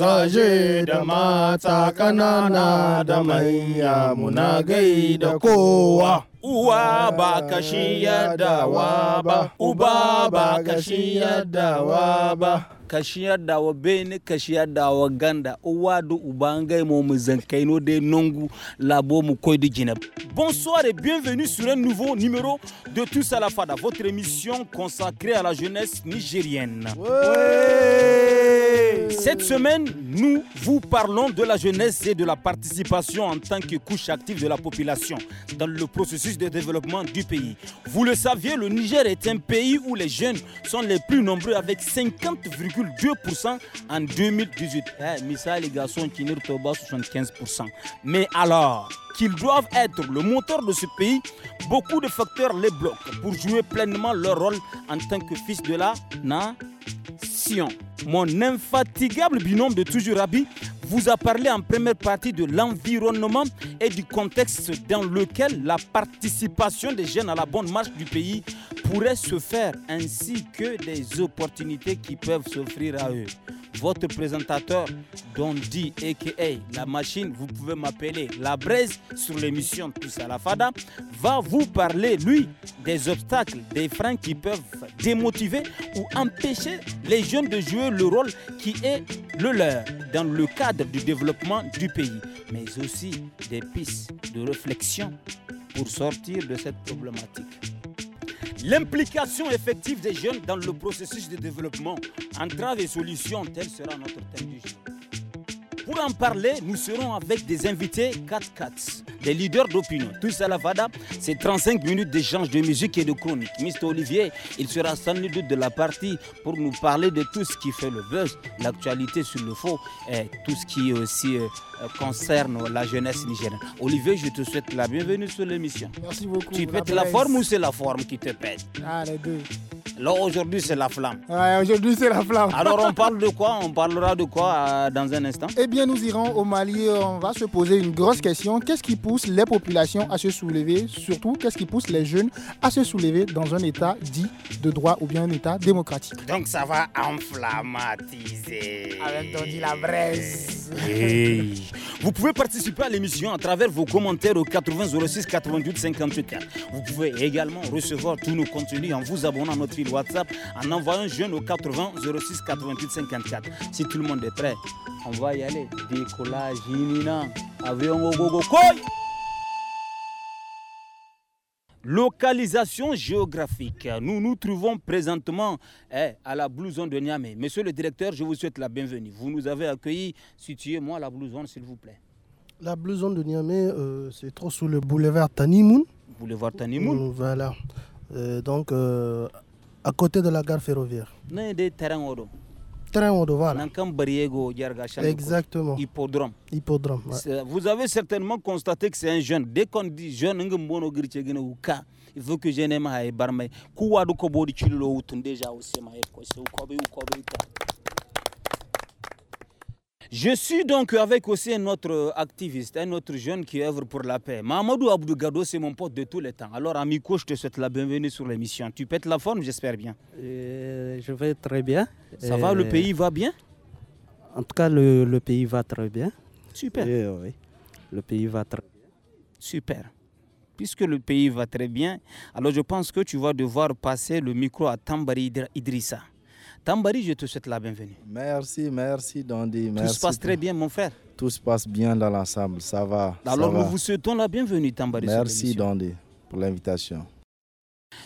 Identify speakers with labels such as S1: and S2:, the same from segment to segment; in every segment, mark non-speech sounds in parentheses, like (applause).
S1: mazaje da mata ƙanana da manya muna gai da kowa.
S2: bonsoir et bienvenue sur un nouveau numéro de tous à la fada votre émission consacrée à la jeunesse nigérienne cette semaine nous vous parlons de la jeunesse et de la participation en tant que couche active de la population dans le processus de développement du pays. Vous le saviez, le Niger est un pays où les jeunes sont les plus nombreux avec 50,2% en 2018. Eh, les garçons, 75%. Mais alors, qu'ils doivent être le moteur de ce pays, beaucoup de facteurs les bloquent pour jouer pleinement leur rôle en tant que fils de la nation. Mon infatigable binôme de toujours habit vous a parlé en première partie de l'environnement et du contexte dans lequel la participation des jeunes à la bonne marche du pays pourrait se faire, ainsi que des opportunités qui peuvent s'offrir à eux votre présentateur dit a.k.a. La Machine, vous pouvez m'appeler La Braise sur l'émission Tous à la Fada, va vous parler, lui, des obstacles, des freins qui peuvent démotiver ou empêcher les jeunes de jouer le rôle qui est le leur dans le cadre du développement du pays, mais aussi des pistes de réflexion pour sortir de cette problématique. L'implication effective des jeunes dans le processus de développement entrave et solutions tel sera notre thème du jour. Pour en parler, nous serons avec des invités 4-4, des leaders d'opinion. Tous à la VADA, c'est 35 minutes d'échange de musique et de chronique. Mr. Olivier, il sera sans doute de la partie pour nous parler de tout ce qui fait le buzz, l'actualité sur le faux et tout ce qui aussi euh, concerne la jeunesse nigérienne. Olivier, je te souhaite la bienvenue sur l'émission.
S3: Merci beaucoup. Tu pètes la, forme ou
S2: c'est la forme qui te pète Ah, les deux. Là, aujourd'hui, c'est la flamme.
S3: aujourd'hui, c'est la flamme. Alors, on (laughs)
S2: parle de quoi On parlera de quoi euh, dans un instant
S3: eh nous irons au Mali, on va se poser une grosse question. Qu'est-ce qui pousse les populations à se soulever Surtout, qu'est-ce qui pousse les jeunes à se soulever dans un État dit de droit ou bien un État démocratique
S2: Donc ça va enflammatiser. Avec la braise. Vous pouvez participer à l'émission à travers vos commentaires au 80 06 88 58 Vous pouvez également recevoir tous nos contenus en vous abonnant à notre fil WhatsApp en envoyant jeune au 80 06 88 54. Si tout le monde est prêt, on va y aller décollage imminent. Avion gogo koi. Localisation géographique. Nous nous trouvons présentement eh, à la blouson de Niamey. Monsieur le directeur, je vous souhaite la bienvenue. Vous nous avez accueillis. Situez-moi la blouson, s'il vous plaît.
S1: La blouson de Niamey, euh, c'est trop sous le boulevard Tanimoun.
S2: Boulevard Tanimoun. Euh,
S1: voilà. Euh, donc, à côté de la gare ferroviaire.
S2: des terrains
S1: train au devoir.
S2: Exactement. Hippodrome.
S1: Hippodrome. Ouais.
S2: Vous avez certainement constaté que c'est un jeune. Dès qu'on dit jeune, il faut que je n'aime pas barme. Kouwa du kobo di chilo utundeja osema ekoise ukobe ukobe ukobe. Je suis donc avec aussi un autre euh, activiste, un autre jeune qui œuvre pour la paix. Mamadou Gado, c'est mon pote de tous les temps. Alors, Amico, je te souhaite la bienvenue sur l'émission. Tu pètes la forme, j'espère bien.
S4: Euh, je vais très bien. Ça va, le euh, pays va bien En tout cas, le, pays va très bien. Super. Oui, eh oui, le pays va très bien.
S2: Super puisque le pays va très bien, alors je pense que tu vas devoir passer le micro à Tambari Idrissa. Tambari, je te souhaite la bienvenue.
S5: Merci, merci Dandy. Tout se passe très bien, mon frère. Tout se passe bien dans l'ensemble, ça va. Alors nous vous souhaitons la
S2: bienvenue, Tambari. Merci
S5: Dandy pour l'invitation.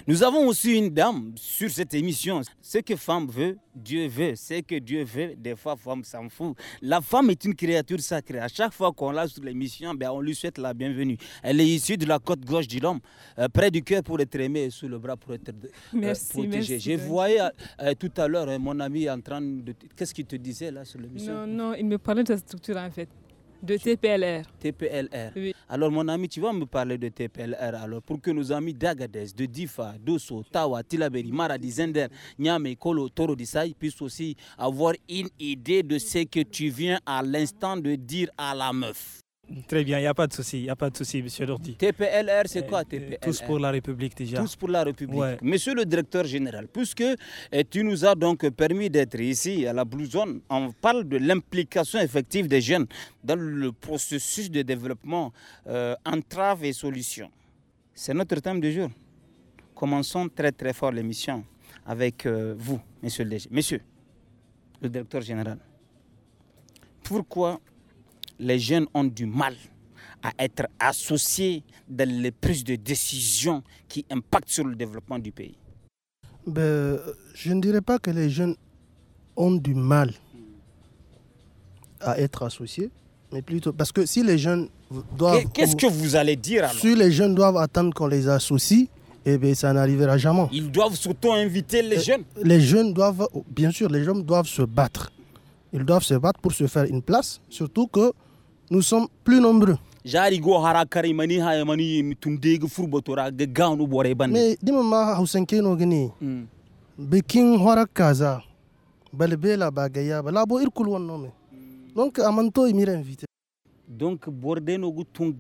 S2: Nous avons aussi une dame sur cette émission. Ce que femme veut, Dieu veut. Ce que Dieu veut, des fois, femme s'en fout. La femme est une créature sacrée. À chaque fois qu'on l'a sur l'émission, ben, on lui souhaite la bienvenue. Elle est issue de la côte gauche du l'homme, euh, près du cœur pour être aimée et sous le bras pour être protégée. je voyais tout à l'heure euh, mon ami en train de. Qu'est-ce qu'il te disait là sur l'émission Non,
S6: non, il me parlait de la structure en fait. De TPLR.
S2: TPLR. Alors mon ami, tu vas me parler de TPLR alors pour que nos amis d'Agadez, de Difa, d'Osso, Tawa, Tilaberi, Maradi, Zender, Niame, Kolo, Toro, Dissai puissent aussi avoir une idée de ce que tu viens à l'instant de dire à la meuf.
S7: Très bien, il n'y a pas de souci, il n'y a pas de souci, monsieur Dorty. TPLR, c'est euh, quoi TPLR euh, Tous pour la République déjà. Tous
S2: pour la République.
S7: Monsieur le directeur
S2: général, puisque eh, tu nous as donc permis d'être ici à la Blue Zone, on parle de l'implication effective des jeunes dans le processus de développement euh, entrave et solutions. C'est notre thème du jour. Commençons très très fort l'émission avec euh, vous, monsieur Monsieur le directeur général, pourquoi les jeunes ont du mal à être associés dans les prises de décisions qui impactent sur le développement du pays
S1: ben, Je ne dirais pas que les jeunes ont du mal à être associés, mais plutôt parce que si les jeunes
S2: doivent... Qu'est-ce que vous allez dire alors Si
S1: les jeunes doivent attendre qu'on les associe, eh bien, ça n'arrivera jamais.
S2: Ils doivent surtout inviter les euh, jeunes.
S1: Les jeunes doivent, bien sûr, les jeunes doivent se battre. Ils doivent se battre pour se faire une place, surtout que nous sommes plus nombreux.
S2: Mais hmm. hara kare mani ha mani tunde me
S1: dima hausan keno balbela Bagaya, gayya bo labo irkul wannan me hmm. donc amanto imira invité
S2: donc Bordeno gutun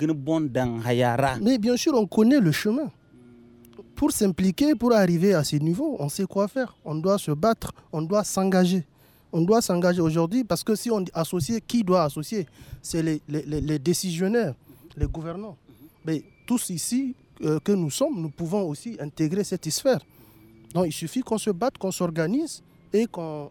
S2: dan
S1: hayara mais bien sûr on connaît le chemin hmm. pour s'impliquer pour arriver à ce niveau on sait quoi faire on doit se battre on doit s'engager on doit s'engager aujourd'hui parce que si on associe, qui doit associer C'est les, décisionnaires, les gouvernants. Mais tous ici euh, que nous sommes, nous pouvons aussi intégrer cette sphère. Donc il suffit qu'on se batte, qu'on s'organise et qu'on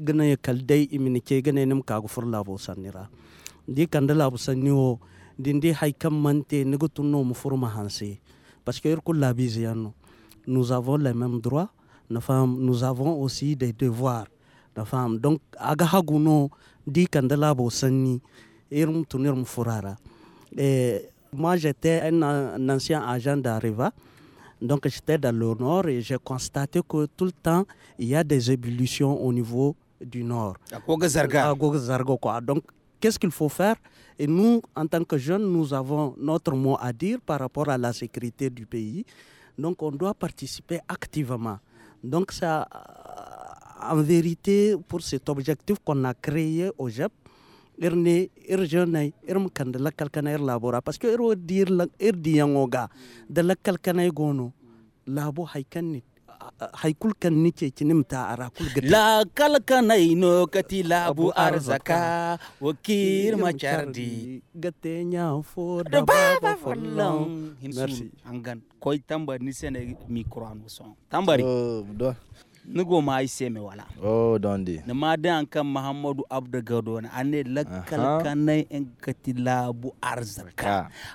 S4: gane kaldai imini ke gane nim kaagu fur labo sanira di kanda labo sanniwo din di hay kam mante nigu tunno mu fur ma hanse parce que irku labi ziyano nous avons les mêmes droits na fam nous avons aussi des devoirs na fam donc aga haguno di kanda labo sanni irum tunir mu furara et moi j'étais un, un ancien agent d'Areva donc j'étais dans le nord et j'ai constaté que tout le temps, il y a des ébullitions au niveau du Nord. À Gogazarga. À Donc, qu'est-ce qu'il faut faire Et nous, en tant que jeunes, nous avons notre mot à dire par rapport à la sécurité du pays. Donc, on doit participer activement. Donc, ça, euh, en vérité, pour cet objectif qu'on a créé au JEP, irni ir jonai ir mkan labora parce que ir dire, ir diyangoga de la gono labo haikanit haikulkan nike kinim ta kul gati la
S2: kalkana ino kati labu arzaka wakir machardi
S4: gate nya fo da baba follon merci angan koy
S2: tamba ni sene micro anu son tambari oh, wala oh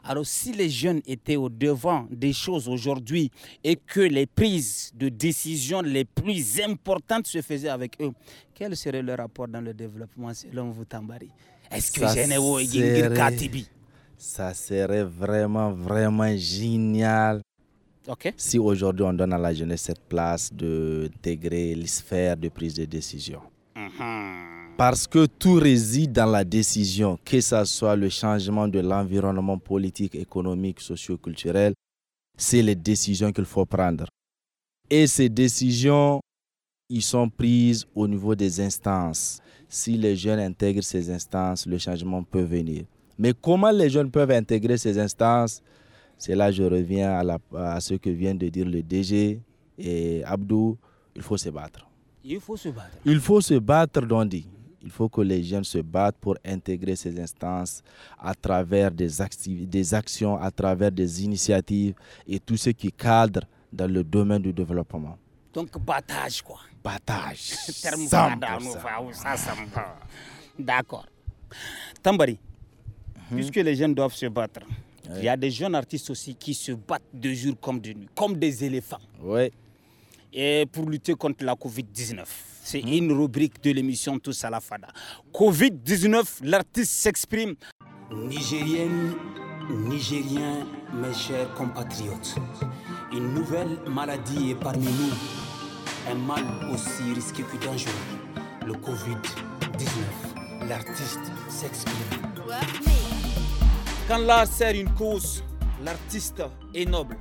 S2: alors si les jeunes étaient au devant des choses aujourd'hui et que les prises de décision les plus importantes se faisaient avec eux quel serait le rapport dans le développement selon vous Tambari est-ce que
S5: Katibi ça serait vraiment vraiment génial si aujourd'hui on donne à la jeunesse cette place d'intégrer les sphères de prise de décision.
S4: Mhm.
S5: Parce que tout réside dans la décision, que ce soit le changement de l'environnement politique, économique, socio-culturel, c'est les décisions qu'il faut prendre. Et ces décisions, ils sont prises au niveau des instances. Si les jeunes intègrent ces instances, le changement peut venir. Mais comment les jeunes peuvent intégrer ces instances c'est là que je reviens à, ce que vient de dire le DG et Abdou. Il faut se battre.
S2: Il faut se battre.
S5: Il faut se battre, Dondi. Il faut que les jeunes se battent pour intégrer ces instances à travers des, actions, à travers des initiatives et tout ce qui cadre dans le domaine du développement.
S2: Donc, battage, quoi. Battage. (laughs) D'accord. Tambari, mhm. puisque les jeunes doivent se battre, il y a des jeunes artistes aussi qui se battent de jour comme de nuit, comme des éléphants. Ouais. Et pour lutter contre la Covid-19. C'est une rubrique de l'émission Tous à la Fada. Covid-19, l'artiste s'exprime. Nigérienne, Nigérien, mes chers compatriotes, une nouvelle maladie est parmi nous. Un mal aussi risqué que dangereux, le Covid-19. L'artiste s'exprime. Quand l'art sert une cause, l'artiste est noble.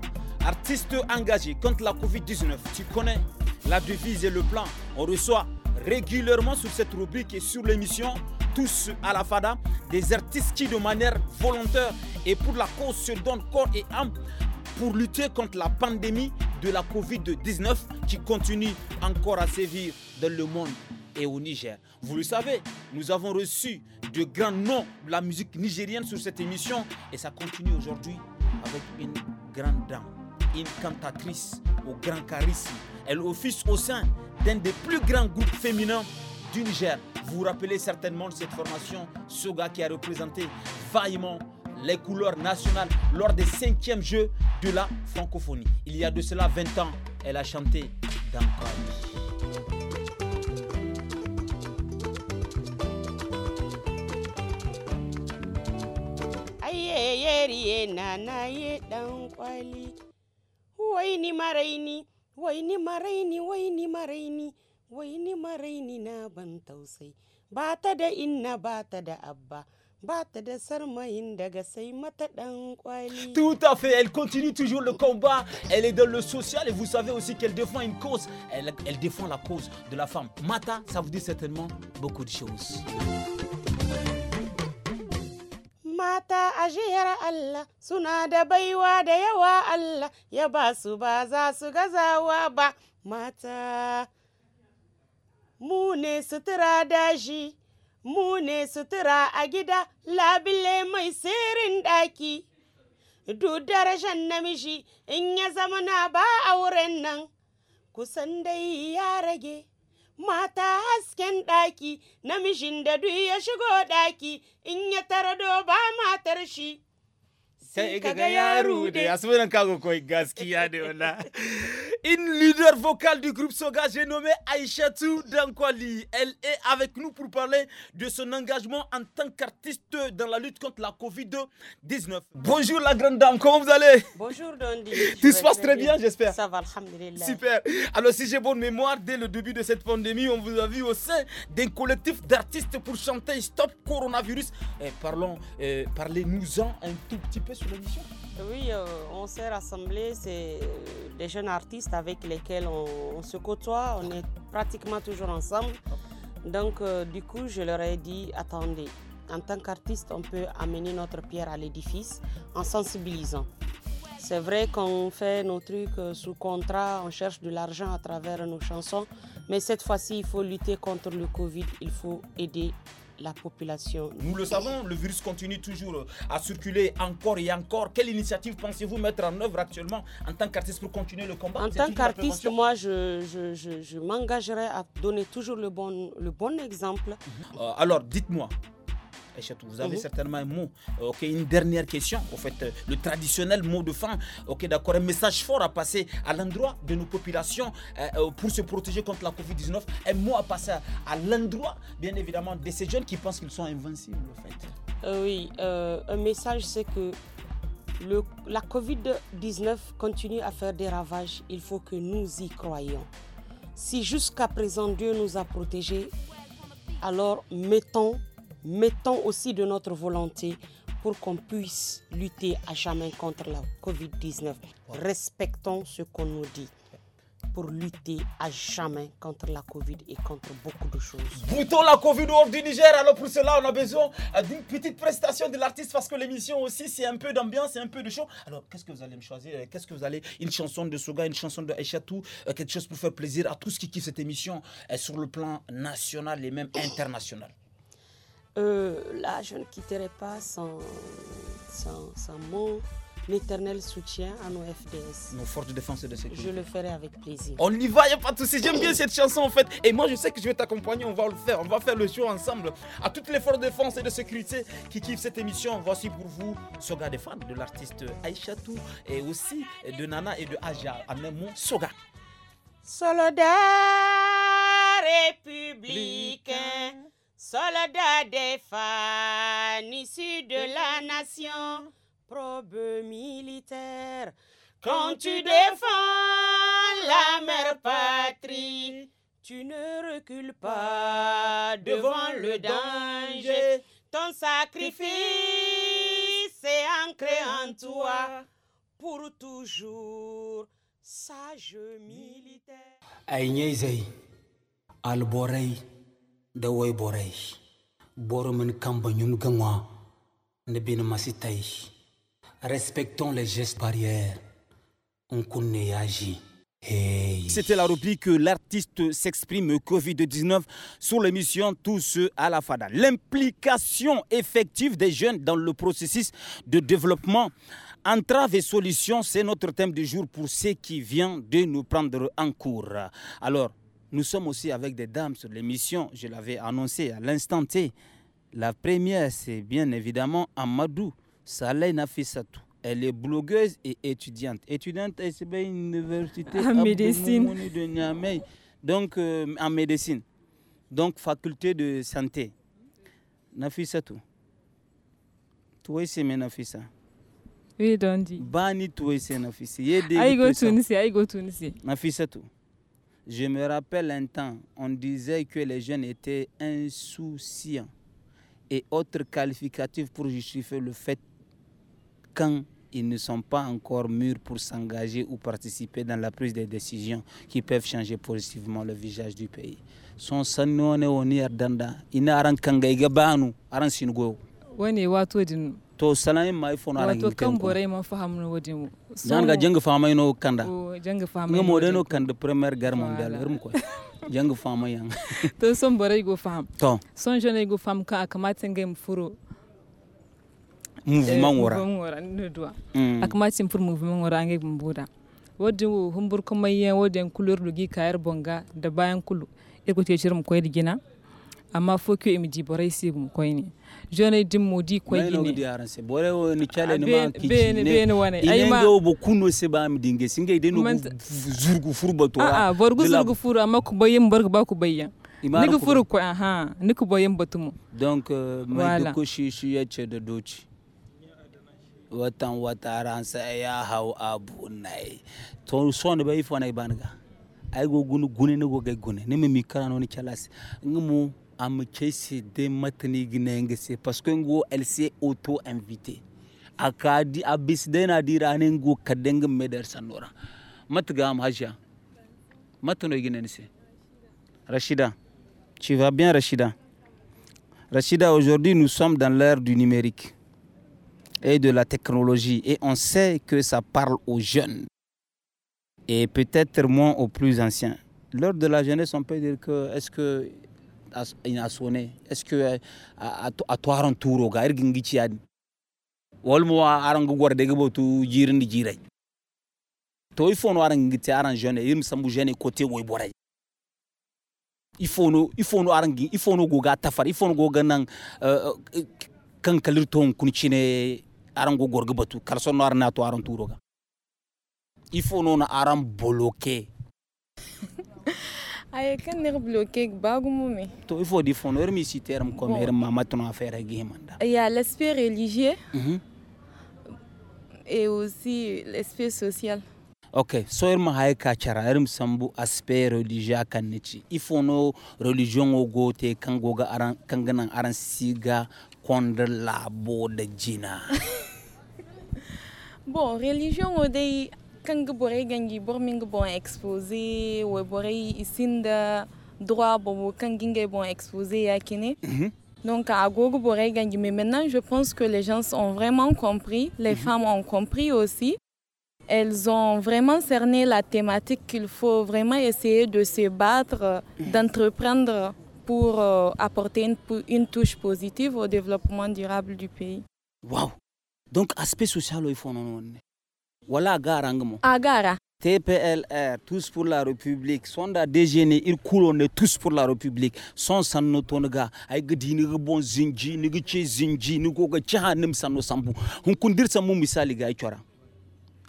S2: Artiste engagé contre la Covid-19, tu connais la devise et le plan. On reçoit régulièrement sur cette rubrique et sur l'émission tous à la FADA, des artistes qui de manière volontaire et pour la cause se donnent corps et âme pour lutter contre la pandémie de la Covid-19 qui continue encore à sévir dans le monde et au Niger. Vous le savez, nous avons reçu de grands noms de la musique nigérienne sur cette émission et ça continue aujourd'hui avec une grande dame, une cantatrice au grand charisme. Elle office au sein d'un des plus grands groupes féminins du Niger. Vous vous rappelez certainement de cette formation, Soga qui a représenté vaillement les couleurs nationales lors des cinquièmes Jeux de la francophonie. Il y a de cela 20 ans, elle a chanté dans Tout à fait, elle continue toujours le combat. Elle est dans le social et vous savez aussi qu'elle défend une cause. Elle, elle défend la cause de la femme. Mata, ça vous dit certainement beaucoup de choses.
S8: mata ajiyar Allah suna da baiwa da yawa Allah ya ba su ba za su gazawa ba mata mu ne sutura dashi mu ne sutura a gida labile mai sirrin ɗaki duk da namiji in ya zama na ba auren nan kusan dai ya rage mata hasken ɗaki namijin da duk ya shigo ɗaki in ya tara doba matar shi
S2: C'est une leader vocale du groupe Soga j'ai nommé Aïchatou Dankwali elle est avec nous pour parler de son engagement en tant qu'artiste dans la lutte contre la Covid-19 bonjour la grande dame comment vous allez bonjour Dondi tout se passe très
S8: bien, j'espère ça va
S2: super alors si j'ai bonne mémoire dès le début de cette pandémie on vous a vu au sein d'un collectif d'artistes pour chanter Stop Coronavirus et eh, parlons eh, parlez-nous-en un tout petit peu
S8: oui, euh, on s'est rassemblés, c'est euh, des jeunes artistes avec lesquels on, se côtoie, on est pratiquement toujours ensemble. Donc euh, du coup, je leur ai dit, attendez, en tant qu'artiste, on peut amener notre pierre à l'édifice en sensibilisant. C'est vrai qu'on fait nos trucs sous contrat, on cherche de l'argent à travers nos chansons, mais cette fois-ci, il faut lutter contre le Covid, il faut aider la population. Nous le savons,
S2: le virus continue toujours à circuler encore et encore. Quelle initiative pensez-vous mettre en œuvre actuellement en tant qu'artiste pour continuer le combat En tant qu'artiste, moi,
S8: je, je, m'engagerai à donner toujours le bon, le bon exemple. Euh, alors, dites-moi, eh, vous avez mhm. certainement un mot.
S2: Euh, ok, une dernière question. En fait, euh, le traditionnel mot de fin. Ok, d'accord. Un message fort à passer à l'endroit de nos populations euh, pour se protéger contre la COVID-19. Un mot à passer à l'endroit, bien évidemment, de ces jeunes
S8: qui pensent qu'ils sont invincibles,
S2: fait.
S8: oui, un message, c'est que le, la COVID-19 continue à faire des ravages. Il faut que nous y croyons. Si jusqu'à présent Dieu nous a protégés, alors mettons mettons aussi de notre volonté pour qu'on puisse lutter à jamais contre la COVID-19. Respectons ce qu'on nous dit pour lutter à jamais contre la Covid et contre beaucoup de choses. Boutons la Covid hors du Niger. Alors pour cela, on a besoin euh, d'une petite prestation de l'artiste
S2: parce que l'émission aussi, c'est un peu d'ambiance, c'est un peu de show. Alors qu'est-ce que vous allez me choisir euh, Qu'est-ce que vous allez Une chanson de Soga, une chanson de Echatou, euh, quelque chose pour faire plaisir à tous qui kiffent cette émission sur le plan national et même international.
S8: Euh, là, je ne quitterai pas sans, sans, sans mon éternel soutien à nos FDS. Nos forces de défense et de sécurité. Je le ferai avec plaisir. On y va, il n'y
S2: a pas de souci. J'aime bien cette chanson en fait. Et moi, je sais que je vais t'accompagner. On va le faire. On va faire le show ensemble. À toutes les forces de défense et de sécurité qui kiffent cette émission, voici pour vous Soga des fans de l'artiste Aïchatou et aussi de Nana et de Aja. En même mot, Soga.
S8: Soldat républicain. Soldat des fans issus de la nation, probe militaire, quand tu défends la mère patrie, tu ne recules pas devant le danger. Ton sacrifice est ancré en toi pour toujours, sage militaire.
S2: Aïe, Alborei respectons les gestes on C'était la rubrique L'artiste s'exprime Covid-19 sur l'émission Tous ceux à la Fada. L'implication effective des jeunes dans le processus de développement. Entrave et solutions, c'est notre thème du jour pour ceux qui vient de nous prendre en cours. Alors, nous sommes aussi avec des dames sur l'émission, je l'avais annoncé à l'instant T. La première, c'est bien évidemment Amadou Saleh Nafissatou. Elle est blogueuse et étudiante. Étudiante à l'université Université en médecine. de Donc, euh, en médecine. Donc, faculté de santé. Nafissatou. Toi, c'est mes Nafissa.
S6: Oui, Dondi.
S2: Bani, toi, c'est Nafissa. Aïe, go Tunisi, aïe, go Tunisi. Nafissatou. Je me rappelle un temps, on disait que les jeunes étaient insouciants et autres qualificatifs pour justifier le fait quand ils ne sont pas encore mûrs pour s'engager ou participer dans la prise des décisions qui peuvent changer positivement le visage du pays. Son to sanayin mai fono ara ngin kan borai
S6: man faham no wodi so nan ga jeng
S2: fa mai no kanda
S6: jeng fa mai mo deno
S2: kanda premier gar mondial herm ko (laughs) jeng fa mai yang (laughs)
S6: to son borai go fam to son jone go fam ka akamata ngam furo mouvement wora eh, mouvement wora ne doa mm. akamata furo mouvement wora ngi mbuda wodi humbur ko mayen wodi en couleur gi kayar bonga da bayan kulu e ko te cirum ko edgina amma fo kyo imi di borai si mu koy ni jone dim mu di koy ni ne yaran
S2: se bore o ni chale ni ma kici ne ben wane ay ma ngo bo kuno se ba mi dinge singe de no zurgu
S6: furba to a a borgu zurgu furu amma ku bayim borgu ba ku bayya ni ku furu ko aha ni ku bayim batumu donc euh, mai de ko shi shi ya ce da doci
S2: watan wata ransa ya hau abu nai to son bai fo nai banga ay go gunu gune ne go gay gune ne mi mi karano ni chalasi ngumu amkesi matani ginengese parce que ngo elle s'est auto invitée akadi abisdena dirane ngo kadeng meder sanora matgam haja matno ginense Rachida tu vas bien Rachida Rachida aujourd'hui nous sommes dans l'ère du numérique et de la technologie et on sait que ça parle aux jeunes et peut-être moins aux plus anciens lors de la jeunesse on peut dire que est-ce que ina sone est ce que a toaron turo ga irgin giciyadi walmo aran gu gorde gu botu jirindi jiray to il faut no aran gitte aran jeune yim sambu jeune côté woy boray il faut no il faut no aran gi il faut no goga tafar il faut no goga nan eh, eh, kan kalir ton cine aran gu gorgu botu karson no aran to aran turo ga il faut no na aran bloquer
S9: (laughs) ay kan ne blo kek bagu mumi
S2: to il faut défendre mi si terme comme her mama ton affaire gimanda
S9: il y a l'aspect religieux mm -hmm. et aussi l'aspect social
S2: ok soyir er ma hay ka cara irin er sambu aspect religieux kan ne il faut no religion o go te kan aran kan ganan aran siga kondre labo da jina
S9: (laughs) bon religion o dai exposé droit exposé donc à mais maintenant je pense que les gens ont vraiment compris les femmes ont compris aussi elles ont vraiment cerné la thématique qu'il faut vraiment essayer de se battre, d'entreprendre pour apporter une, touche positive au développement durable du pays.
S2: Waouh Donc, aspect social, il faut en wala gara agara TPLR, tous pour la République, sont da déjeuner, ils coulent, tous pour la République, sont sans nos tonga, aïe dini bon zinji, nigoche zinji, nigo ga chaha nem sambu. On kundir sa mou misali ga chora.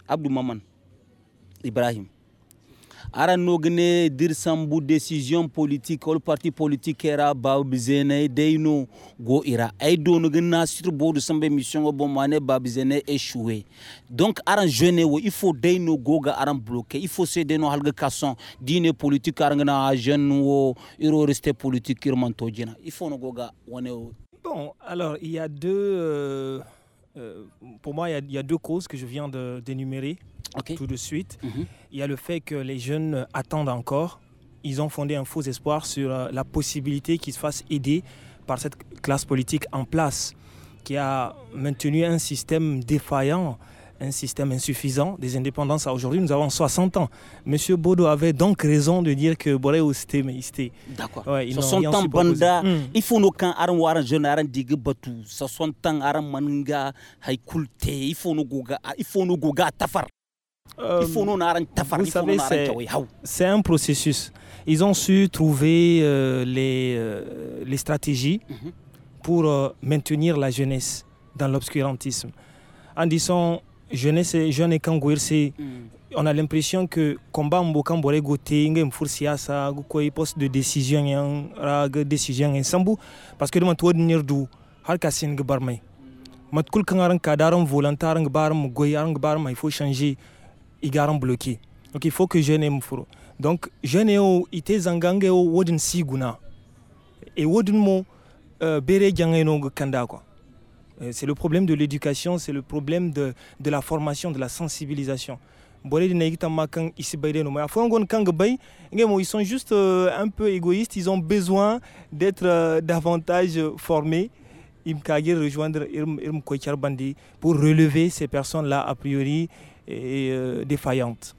S2: Abdou Maman, Ibrahim dir sambu décision politique ol parti politique kɛra babizene deyino go ira ay donogin na sirbo du sambe mission go bomane babizene échoué donc aran jeune wo il faut deino goga aran bloqué il faut se deyino halga kason dine politique arangana jeune wo iro rester politique irmanto jina il faut no goga wone
S7: bon alors il y a deux euh, euh, pour moi, il y, a deux causes que je viens d'énumérer tout de suite. Mhm. Il y a le fait que les jeunes attendent encore. Ils ont fondé un faux espoir sur euh, la possibilité qu'ils se fassent aider par cette classe politique en place qui a maintenu un système défaillant un système insuffisant des indépendances à aujourd'hui. Nous avons 60 ans. Monsieur Bodo avait donc raison de dire que Boré c'était... mais c'était. D'accord. 60 ans banda, hmm.
S2: il faut nous quand aran waran jeune aran digue batu. 60 ans aran manga haikulte, il faut nous goga, il faut nous goga tafar. Euh, vous savez,
S7: c'est un processus. Ils ont su trouver euh, les, euh, les stratégies mhm. pour euh, maintenir la jeunesse dans l'obscurantisme. En disant, jeunesse jeune kanguirsi mm. on a l'impression que combat mboka mbore gote nge mfur siasa ko poste de décision yan rag décision en sambu parce que dum to dinir du har ka sin gbar mai mm. mat kul kan aran kadaran volontaire ng bar goy mai faut changer igaran bloqué donc il faut que jeune mfur donc jeune o ite zangange o wodin siguna e wodin mo euh, bere jangeno kanda quoi euh, c'est le problème de l'éducation, c'est le problème de, la formation, de la sensibilisation. Ils sont juste euh, un peu égoïstes, ils ont besoin d'être euh, davantage formés. rejoindre Irm Bandi pour relever ces personnes-là a priori et, défaillantes.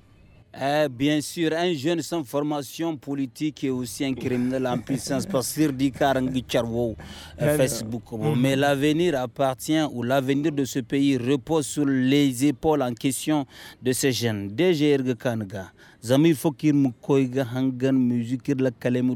S2: Euh, bien sûr, un jeune sans formation politique est aussi un criminel en puissance parce qu'il dit euh, Facebook. Mm-hmm. Mais l'avenir appartient ou l'avenir de ce pays repose sur les épaules en question de ces jeunes. amis, Kanga. Zamir Fokir Mukoiga Hangan Musique la Kalemu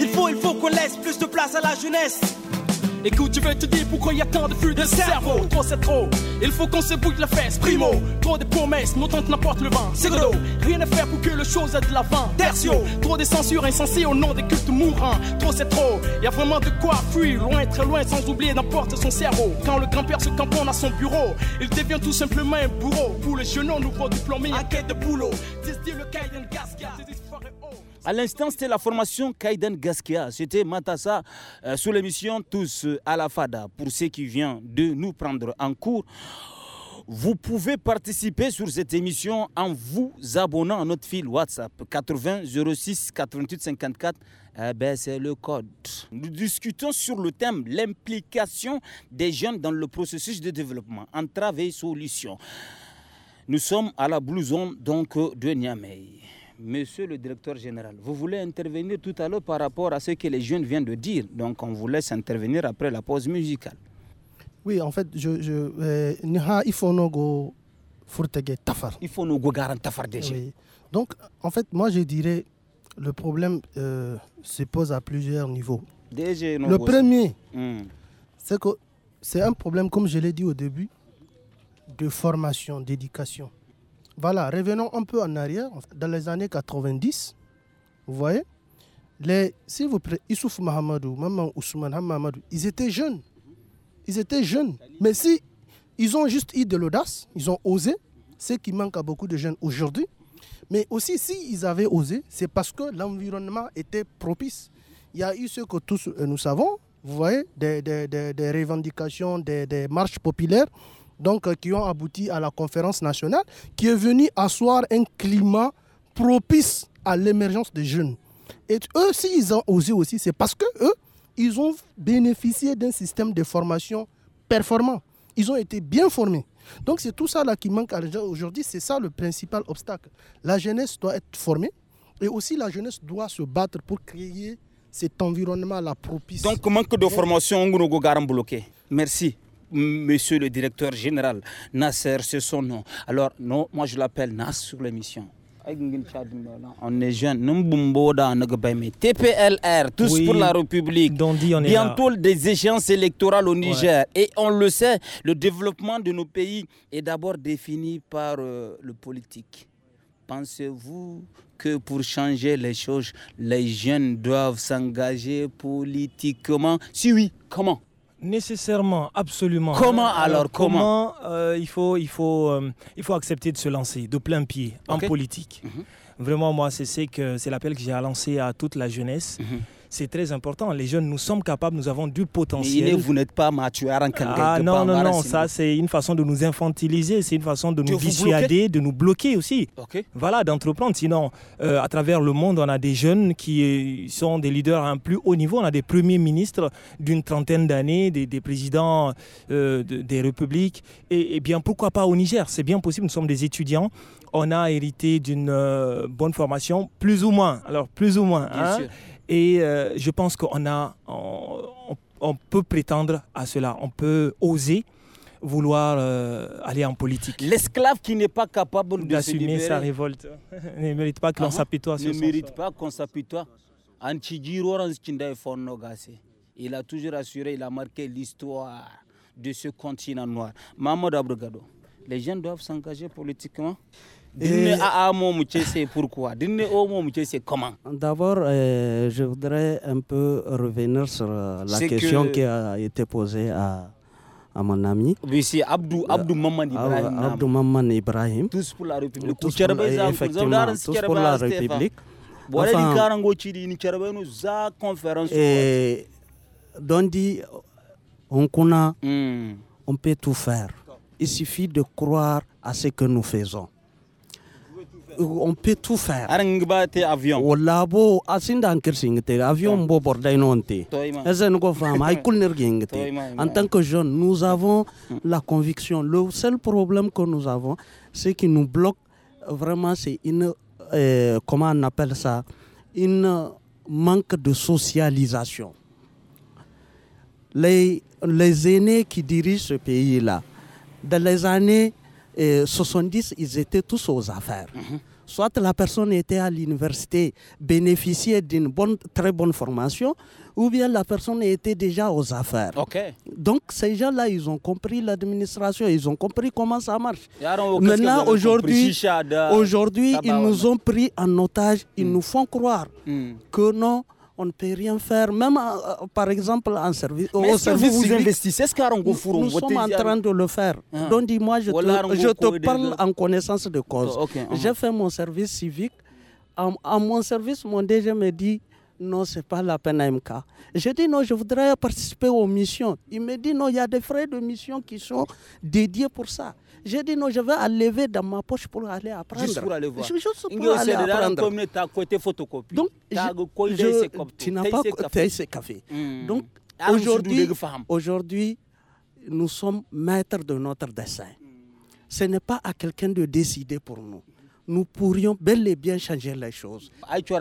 S5: il faut il faut qu'on laisse plus de place à la jeunesse Écoute, tu veux te dire pourquoi il y a tant de flux de cerveau. Trop c'est trop, il faut qu'on se bouille la fesse. Primo, trop de promesses, nos tentes n'importe le vent. Secondo, rien à faire pour que le choses ait de l'avant. Tertio, trop de censures insensées au nom des cultes mourants. Trop c'est trop, Il y a vraiment de quoi fuir, loin, très loin, sans oublier n'importe son cerveau. Quand le grand-père se camponne à son bureau, il devient tout simplement un bourreau. Pour les jeunes nouveaux plombier en quête de boulot.
S2: À l'instant, c'était la formation Kaiden Gaskia. C'était Matassa euh, sous l'émission Tous à la FADA, pour ceux qui vient de nous prendre en cours, vous pouvez participer sur cette émission en vous abonnant à notre fil WhatsApp 80 06 88 54. ben, c'est le code. Nous discutons sur le thème l'implication des jeunes dans le processus de développement, entrave et solution Nous sommes à la blouson donc de Niamey. Monsieur le directeur général, vous voulez intervenir tout à l'heure par rapport à ce que les jeunes viennent de dire. Donc on vous laisse intervenir après la pause musicale.
S1: Oui, en fait, je, euh, il faut tafar. Il faut nous Donc en fait, moi je dirais le problème euh, se pose à plusieurs niveaux.
S2: le premier,
S1: hmm. c'est que c'est un problème comme je l'ai dit au début de formation, d'éducation. Voilà, revenons un peu en arrière. Dans les années 90, vous voyez, les, s'il vous plaît, Issouf Mahamadou, Maman Ousmane Mahamadou, ils étaient jeunes. Ils étaient jeunes. Mais si ils ont juste eu de l'audace, ils ont osé, ce qui manque à beaucoup de jeunes aujourd'hui. Mais aussi, s'ils ils avaient osé, c'est parce que l'environnement était propice. Il y a eu ce que tous euh, nous savons, vous voyez, des, des, des, des revendications, des, marches populaires donc, euh, qui ont abouti à la conférence nationale, qui est venue asseoir un climat propice à l'émergence des jeunes. Et eux, s'ils ont osé aussi, c'est parce que eux, ils ont bénéficié d'un système de formation performant. Ils ont été bien formés. Donc c'est tout ça là qui manque aujourd'hui. C'est ça le principal obstacle. La jeunesse doit être formée et aussi la jeunesse doit se battre pour créer cet environnement là propice. Donc manque de
S2: formation, on bloqué. Merci monsieur le directeur général, Nasser, c'est son nom. Alors, non, moi je l'appelle Nasser sur l'émission. On est jeunes, TPLR, tous pour la République. Dondi, Bientôt des échéances électorales au Niger. Et on le sait, le développement de nos pays est d'abord défini par euh, le politique. Pensez-vous que pour changer les choses, les jeunes doivent s'engager politiquement Si oui,
S7: comment Nécessairement, absolument. Comment euh, alors Comment, euh, Il faut, il faut, euh, il faut accepter de se lancer de plein pied en politique. Mhm. Vraiment, moi, c'est que c'est l'appel que j'ai lancé à toute la jeunesse. Mhm c'est très important. Les jeunes, nous sommes capables, nous avons du potentiel. vous
S2: n'êtes pas mature.
S7: Ah non, non, non, ça c'est une façon de nous infantiliser, c'est une façon de nous dissuader, de nous bloquer aussi. Voilà, d'entreprendre. Sinon, euh, à travers le monde, on a des jeunes qui euh, sont des leaders à un plus haut niveau. On a des premiers ministres d'une trentaine d'années, des, présidents euh, des républiques. Et, bien, pourquoi pas au Niger C'est bien possible, nous sommes des étudiants on a hérité d'une bonne formation, plus ou moins. Alors, plus ou moins. Hein? Et euh, je pense qu'on a, on, peut prétendre à cela, on peut oser vouloir euh, aller en politique. L'esclave qui n'est pas capable d'assumer sa révolte (laughs) ne mérite pas qu'on ah s'apitoie sur Ne mérite
S2: pas qu'on s'apitoie. Il a toujours assuré, il a marqué l'histoire de ce continent noir. Mamad les jeunes doivent s'engager politiquement. D'une à c'est pourquoi D'une O c'est comment
S4: D'abord, euh, je voudrais un peu revenir sur euh, la question que... qui a été posée à, à mon ami. Oui, c'est Abdou, euh, Abdou Maman Ibrahim. Abdou Maman Ibrahim. Tous pour la République. Tous pour, effectivement, tous pour la République. Enfin,
S2: et
S4: Dondi, on connaît, mm. on peut tout faire. Il suffit de croire à ce que nous faisons on peut tout faire un avion wala asinda ankir avion bo borday (laughs) en tant que jeunes nous avons hmm. la conviction le seul problème que nous avons c'est qui nous bloque vraiment c'est une euh, comment on appelle ça une manque de socialisation les les aînés qui dirigent ce pays là dans les années et 70, ils étaient tous aux affaires. Mhm. Soit la personne était à l'université, bénéficiait d'une bonne, très bonne formation, ou bien la personne était déjà aux affaires. Ok. Donc ces gens-là, ils ont compris l'administration, ils ont compris comment ça marche.
S2: Maintenant, aujourd'hui, aujourd'hui,
S4: ils nous ont pris en otage, ils mm. nous font croire mm. que non on ne peut rien faire, même euh, euh, par exemple en service. au service vous, investissez ce Nous, nous sommes en train de le faire. Ah. Donc dis-moi, je, te, je te parle en connaissance de cause. Oh, uh-huh. J'ai fait mon service civique. À, mon service, mon DG me dit non, ce n'est pas la peine à MK ». Je dis non, je voudrais participer aux missions. Il me dit non, il y a des frais de mission qui sont dédiés pour ça. J'ai dit non, je vais enlever dans ma poche pour aller apprendre. Juste pour aller voir. Juste pour aller apprendre.
S2: Donc, je, je, tu n'as pas
S4: fait ce café. Hmm. Donc, ah, aujourd'hui, aujourd'hui, nous sommes maîtres de notre dessin. Hmm. Ce n'est pas à quelqu'un de décider pour nous nous pourrions bel et bien changer les choses.
S2: Est-ce que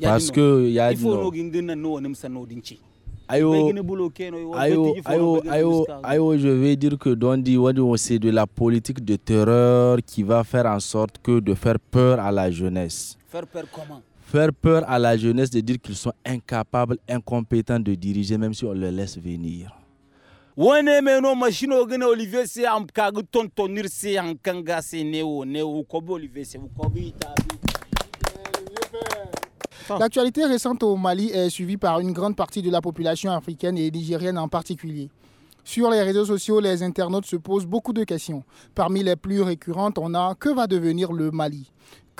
S5: Parce que Ayo, ayo, ayo, ayo, je vais dire que c'est de la politique de terreur qui va faire en sorte que de faire peur à la jeunesse.
S7: Faire peur comment
S5: faire peur à la jeunesse de dire qu'ils sont incapables, incompétents de diriger, même si on les laisse venir.
S3: L'actualité récente au Mali est suivie par une grande partie de la population africaine et nigérienne en particulier. Sur les réseaux sociaux, les internautes se posent beaucoup de questions. Parmi les plus récurrentes, on a que va devenir le Mali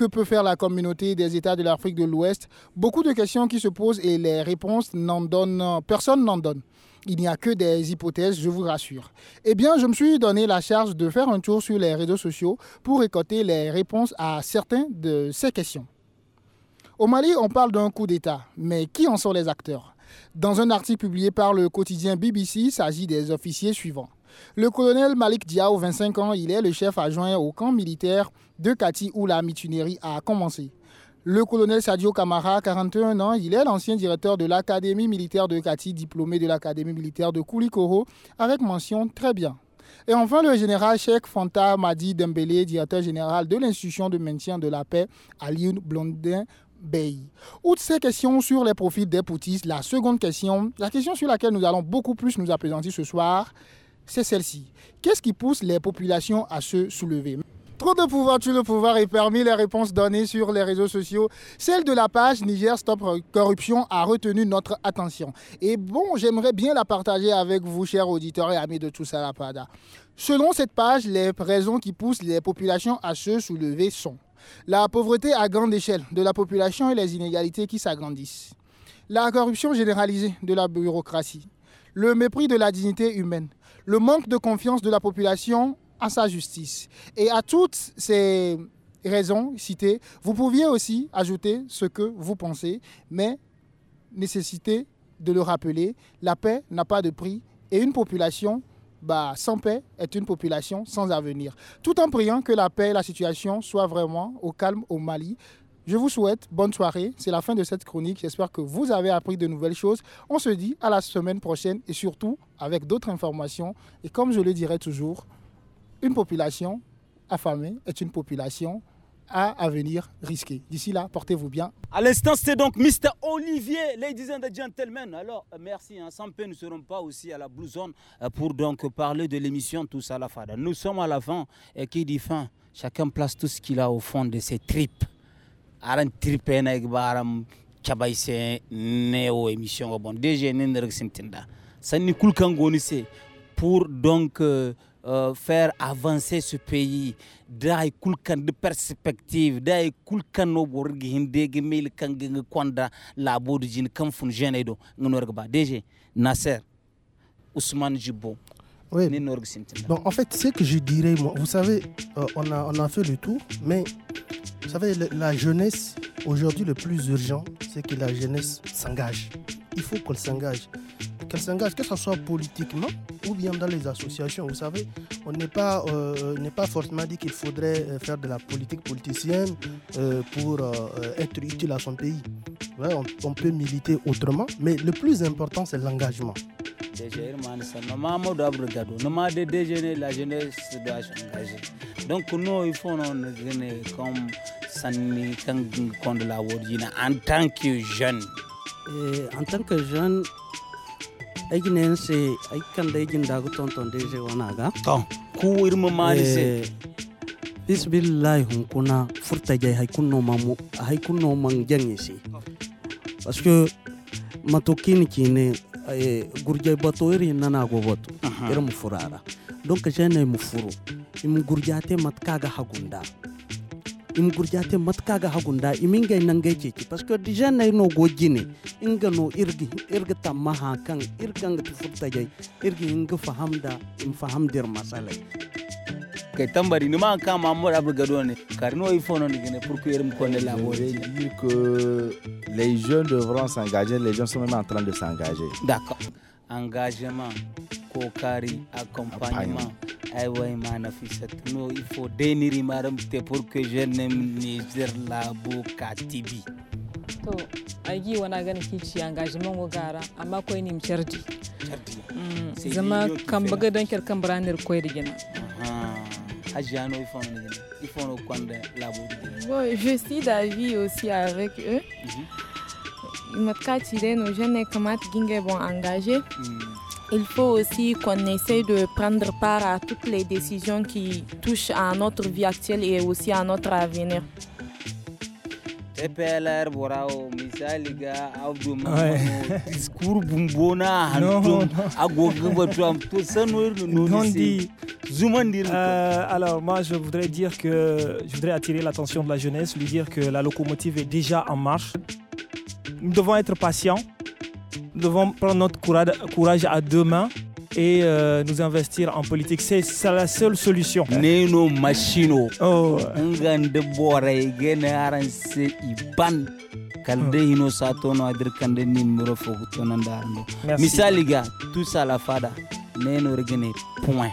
S3: que peut faire la communauté des États de l'Afrique de l'Ouest Beaucoup de questions qui se posent et les réponses n'en donnent, personne n'en donne. Il n'y a que des hypothèses, je vous rassure. Eh bien, je me suis donné la charge de faire un tour sur les réseaux sociaux pour écouter les réponses à certaines de ces questions. Au Mali, on parle d'un coup d'État, mais qui en sont les acteurs Dans un article publié par le quotidien BBC, il s'agit des officiers suivants. Le colonel Malik Diao, 25 ans, il est le chef adjoint au camp militaire de Kati où la mitunerie a commencé. Le colonel Sadio Kamara, 41 ans, il est l'ancien directeur de l'Académie militaire de Kati, diplômé de l'Académie militaire de Koulikoro, avec mention très bien. Et enfin, le général Cheikh Fanta Madi Dembélé, directeur général de l'institution de maintien de la paix, à lyon Blondin, Bay. Outre ces questions sur les profits des poutistes, la seconde question, la question sur laquelle nous allons beaucoup plus nous appesantir ce soir, c'est celle-ci. Qu'est-ce qui pousse les populations à se soulever Trop de pouvoir tu le pouvoir et permis. Les réponses données sur les réseaux sociaux, celle de la page Niger Stop Corruption a retenu notre attention. Et bon, j'aimerais bien la partager avec vous, chers auditeurs et amis de Tous à Selon cette page, les raisons qui poussent les populations à se soulever sont la pauvreté à grande échelle de la population et les inégalités qui s'agrandissent, la corruption généralisée de la bureaucratie, le mépris de la dignité humaine, le manque de confiance de la population à sa justice. Et à toutes ces raisons citées, vous pouviez aussi ajouter ce que vous pensez, mais nécessité de le rappeler, la paix n'a pas de prix et une population bah, sans paix est une population sans avenir. Tout en priant que la paix et la situation soient vraiment au calme au Mali, je vous souhaite bonne soirée. C'est la fin de cette chronique. J'espère que vous avez appris de nouvelles choses. On se dit à la semaine prochaine et surtout avec d'autres informations. Et comme je le dirai toujours, une population affamée est une population à venir risquer. D'ici là, portez-vous bien. À l'instant, c'est donc Mr. Olivier, ladies and gentlemen.
S2: Alors, euh, merci. Hein. Sans peine, nous ne serons pas aussi à la Blue Zone euh, pour donc parler de l'émission Tous à la Fada. Nous sommes à l'avant et qui dit fin, chacun place tout ce qu'il a au fond de ses tripes aran tripena igbaram cabayse neo émission bon dg nenerg sintinda sanni kulkan goni se pour donc euh, euh, faire avancer ce pays day kulkan de perspective day kulkan no borgi hinde ge mel kan ge konda la bodu jin kam fun jene do ngorg ba dg nasser ousmane jibo oui.
S1: en fait, ce que je dirais, moi, vous savez, euh, on, a, on a fait le tour, mais vous savez, la jeunesse, aujourd'hui, le plus urgent, c'est que la jeunesse s'engage. Il faut qu'elle s'engage qu'elle s'engage, que ce soit politiquement ou bien dans les associations. Vous savez, on n'est pas, euh, pas forcément dit qu'il faudrait euh, faire de la politique politicienne euh, pour être utile à son pays. on, peut militer autrement, mais le plus important, c'est l'engagement.
S2: la jeunesse doit s'engager. Donc nous, il faut nous comme en tant que jeune. en
S4: tant que jeune, aiki ne se aigi kan da aigin da guton tonton da je wani aga to ku irma mani se eh, bisbillahi hun kuna furta jai hay kunno mu hay kunno man jangi se parce que matokini ne eh, gurjai bato iri nana go bato irin mu furara donc ne mu furu im gurjate mat ga hagunda im gurjate matkaga hagunda iminga inange ceci parce que na ino go inga no irgi irga tamaha ha kan irga nga jay irgi inga fahamda im fahamdir masala
S2: kay tambari nima ka mamor abga doni
S5: car no il faut gene pour que la bore dire que les jeunes devront s'engager les jeunes sont même en train de s'engager d'accord
S2: engagement, kokari, accompagnement. Eh oui, manafisat. No, il faut dénir maramte pour que je n'aime Niger hmm, ah, ah, la Bukatibi.
S6: To, gi wana gani kichi engagement ngo gara, amma ko ni cherdi.
S2: Chardi. Zama kan baga
S6: dan kyar kan baraner koy digena.
S2: Ajano ifono digena. Ifono kwanda la digena.
S9: Bon, je suis d'avis aussi avec eux. Mm -hmm nos jeunes hmm. Il faut aussi qu'on essaie de prendre part à toutes les décisions qui touchent à notre vie actuelle et aussi à notre avenir.
S7: Euh, alors moi je voudrais dire que je voudrais attirer l'attention de la jeunesse lui dire que la locomotive est déjà en marche nous devons être patients, nous devons prendre notre courage à deux mains et euh, nous investir en politique. C'est la seule solution. Neno machino. Oh. Ngande bore gene
S2: aranse iban. Kalde hino oh. satono adir kande ni muro fokuto nandarno. Misali ga tout fada. Neno regene point.